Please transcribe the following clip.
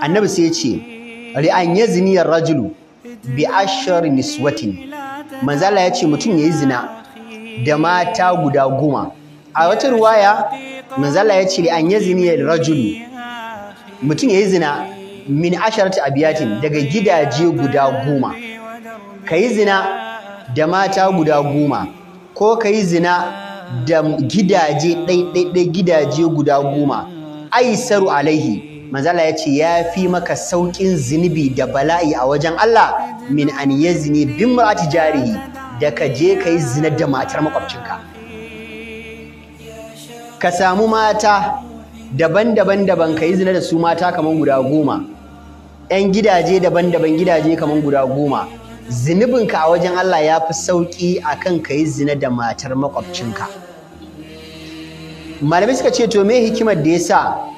annabi sai ya ce ri'an yazni rajulu bi ashar niswatin manzala ya ce mutum yayi zina da mata guda goma a wata ruwaya manzala ya ce ri'an yazni rajulu mutum yayi zina min asharati abiyatin daga gidaje guda goma kayi zina da mata guda goma ko kayi zina da gidaje ɗaiɗaiɗai gidaje guda goma aisaru alaihi manzala ya ce ya fi maka sauƙin zunubi da bala'i a wajen Allah min an zini bin mar'ati jarihi da ka je ka yi zina da matar makwabcinka ka samu mata daban-daban daban ka yi zina da su mata kamar guda goma 'yan gidaje daban-daban gidaje kamar guda goma zunubinka a wajen Allah ya fi sauƙi a kan ka yi zina da matar makwabcinka. Malamai suka ce to me hikimar da ya sa